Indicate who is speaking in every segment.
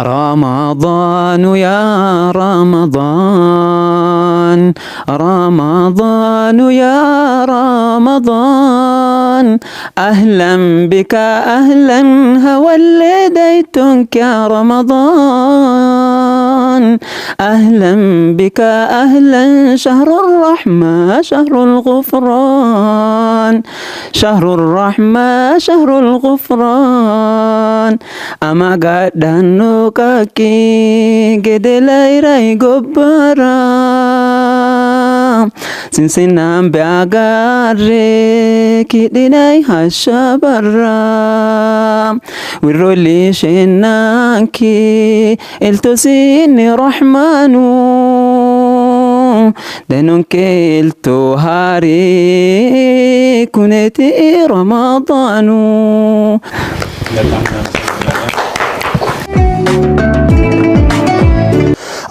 Speaker 1: رمضان يا رمضان رمضان يا رمضان أهلا بك أهلا هو يا رمضان أهلا بك أهلا شهر الرحمة شهر الغفران شهر الرحمة شهر الغفران أما قد نوكاكي قد لا يراي قبران sinsinaan beagaarre kidhinay hashabarra wirrolli shennaanki iltosinni rahmaanu danonke ilto haari kuneti ramadaanu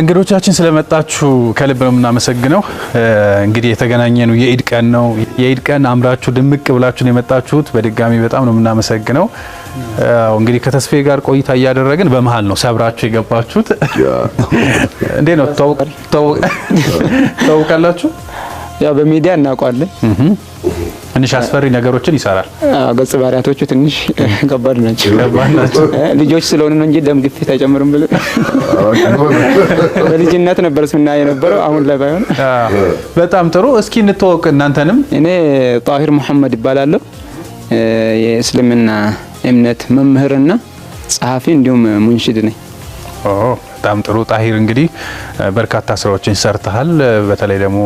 Speaker 2: እንግዶቻችን ስለመጣችሁ ከልብ ነው የምናመሰግነው። እንግዲህ ነው የኢድ ቀን ነው። የኢድ ቀን አምራችሁ ድምቅ ብላችሁ የመጣችሁት በድጋሚ በጣም ነው የምናመሰግነው። እንግዲህ ከተስፌ ጋር ቆይታ እያደረግን በመሀል ነው ሰብራችሁ የገባችሁት። እንዴ ነው ተውቃላችሁ?
Speaker 3: ያው በሚዲያ እናውቋለን
Speaker 2: ትንሽ አስፈሪ ነገሮችን ይሰራል።
Speaker 3: ገጽ ባህሪያቶቹ ትንሽ ከባድ ናቸው። ልጆች ስለሆኑ ነው እንጂ ደም ግፊት አይጨምርም በልጅነት ነበር ስናይ የነበረው አሁን ላይ ባይሆን።
Speaker 2: በጣም ጥሩ። እስኪ እንተዋወቅ እናንተንም።
Speaker 3: እኔ ጣሂር መሐመድ ይባላለሁ። የእስልምና እምነት መምህርና ጸሐፊ እንዲሁም ሙንሽድ ነኝ።
Speaker 2: በጣም ጥሩ ጣሂር፣ እንግዲህ በርካታ ስራዎችን ሰርተሃል። በተለይ ደግሞ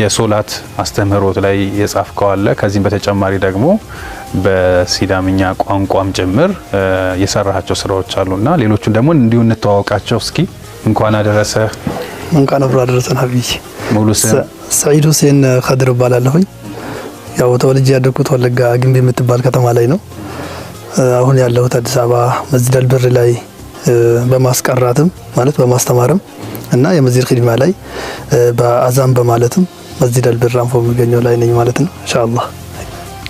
Speaker 2: የሶላት አስተምህሮት ላይ የጻፍከው አለ። ከዚህም በተጨማሪ ደግሞ በሲዳምኛ ቋንቋም ጭምር የሰራሃቸው ስራዎች አሉና ሌሎቹን ደግሞ እንዲሁ እንተዋወቃቸው እስኪ። እንኳን አደረሰ።
Speaker 4: እንኳን አብሮ አደረሰን። ሀቢቢ ሙሉ ስም ሰዒድ ሁሴን ከድር እባላለሁኝ። ያው ተወልጄ ያደግኩት ወለጋ ግንቢ የምትባል ከተማ ላይ ነው። አሁን ያለሁት አዲስ አበባ መስጂድ ብር ላይ በማስቀራትም ማለት በማስተማርም እና የመዚር ሂድማ ላይ በአዛም በማለትም መስጂድ አልብራም የሚገኘው ላይ ነኝ ማለት ነው ኢንሻአላህ።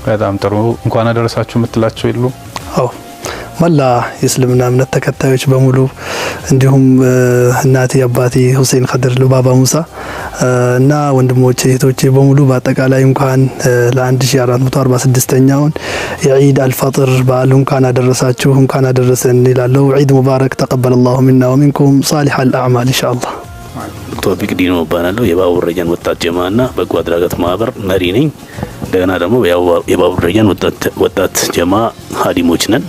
Speaker 2: በጣም ጥሩ እንኳን አደረሳችሁ የምትላቸው የሉ?
Speaker 4: አዎ መላ የእስልምና እምነት ተከታዮች በሙሉ እንዲሁም እናቴ አባቴ ሁሴን ከድር ልባባ ሙሳ እና ወንድሞቼ እህቶቼ በሙሉ በአጠቃላይ እንኳን ለ1446ኛውን የዒድ አልፈጥር በዓል እንኳን አደረሳችሁ እንኳን አደረሰን ይላለው። ዒድ ሙባረክ ተቀበለ ላሁ ሚና ወሚንኩም ሳሊሐ አልአዕማል ኢንሻአላህ።
Speaker 5: ቶፊቅ ዲኖ እባላለሁ። የባቡር ረጃን ወጣት ጀማና በጎ አድራጎት ማህበር መሪ ነኝ። እንደገና ደግሞ የባቡር ረጃን ወጣት ጀማ ሀዲሞች ነን።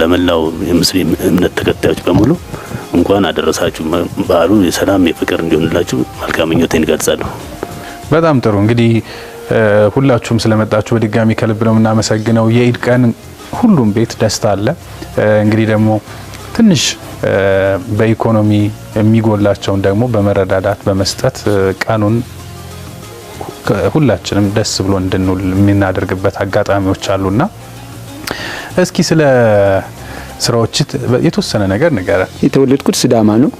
Speaker 5: ለመላው የሙስሊም እምነት ተከታዮች በሙሉ እንኳን አደረሳችሁ። በዓሉ የሰላም የፍቅር እንዲሆንላችሁ መልካም ምኞቴን እገልጻለሁ።
Speaker 2: በጣም ጥሩ እንግዲህ ሁላችሁም ስለመጣችሁ በድጋሚ ከልብ ነው የምናመሰግነው። የኢድ ቀን ሁሉም ቤት ደስታ አለ። እንግዲህ ደግሞ ትንሽ በኢኮኖሚ የሚጎላቸውን ደግሞ በመረዳዳት በመስጠት ቀኑን ሁላችንም ደስ ብሎ እንድንውል የምናደርግበት አጋጣሚዎች አሉና እስኪ ስለ ስራዎች የተወሰነ ነገር ንገረ።
Speaker 3: የተወለድኩት ስዳማ ነው።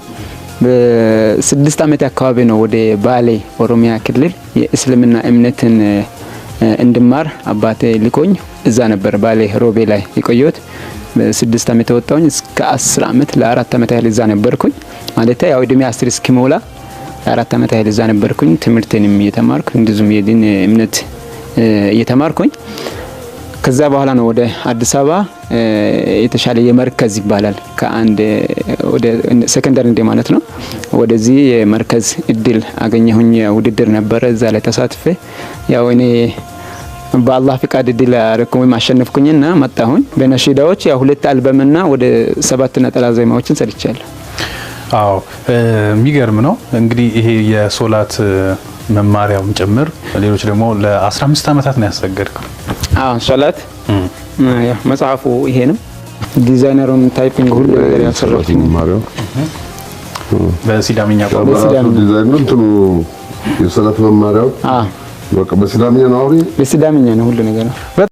Speaker 3: በስድስት ዓመት አካባቢ ነው ወደ ባሌ ኦሮሚያ ክልል የእስልምና እምነትን እንድማር አባቴ ልኮኝ እዛ ነበር ባሌ ሮቤ ላይ የቆየሁት። ስድስት ዓመት ወጣሁኝ። እስከ አስር ዓመት ለአራት ዓመት ያህል እዛ ነበርኩኝ። ማለት ያው እድሜ አስር እስኪሞላ ለአራት ዓመት ያህል እዛ ነበርኩኝ። ትምህርትንም እየተማርኩ እንዲዙም የዲን እምነት እየተማርኩኝ ከዛ በኋላ ነው ወደ አዲስ አበባ የተሻለ የመርከዝ ይባላል ከአንድ ወደ ሴኮንደሪ እንደ ማለት ነው። ወደዚህ የመርከዝ እድል አገኘሁኝ። ውድድር ነበረ እዛ ላይ ተሳትፌ ያው እኔ በአላህ ፍቃድ እድል አረኩ ወይም አሸነፍኩኝና መጣሁኝ። በነሺዳዎች ያው ሁለት አልበምና ወደ ሰባት ነጠላ ዜማዎችን ሰርቻለሁ።
Speaker 2: አዎ የሚገርም ነው እንግዲህ ይሄ የሶላት መማሪያውም ጭምር ሌሎች ደግሞ ለ15 ዓመታት ነው ያሰገድከው
Speaker 3: አሁን ሶላት መጽሐፉ ይሄ ነው። ዲዛይነሩን ታይፒንግ ሁሉ ነገር ያሰራው
Speaker 6: በሲዳምኛ ቋንቋ ዲዛይኑ እንትኑ መማሪያው በሲዳምኛ ነው። አሁን
Speaker 3: በሲዳምኛ ነው ሁሉ ነገር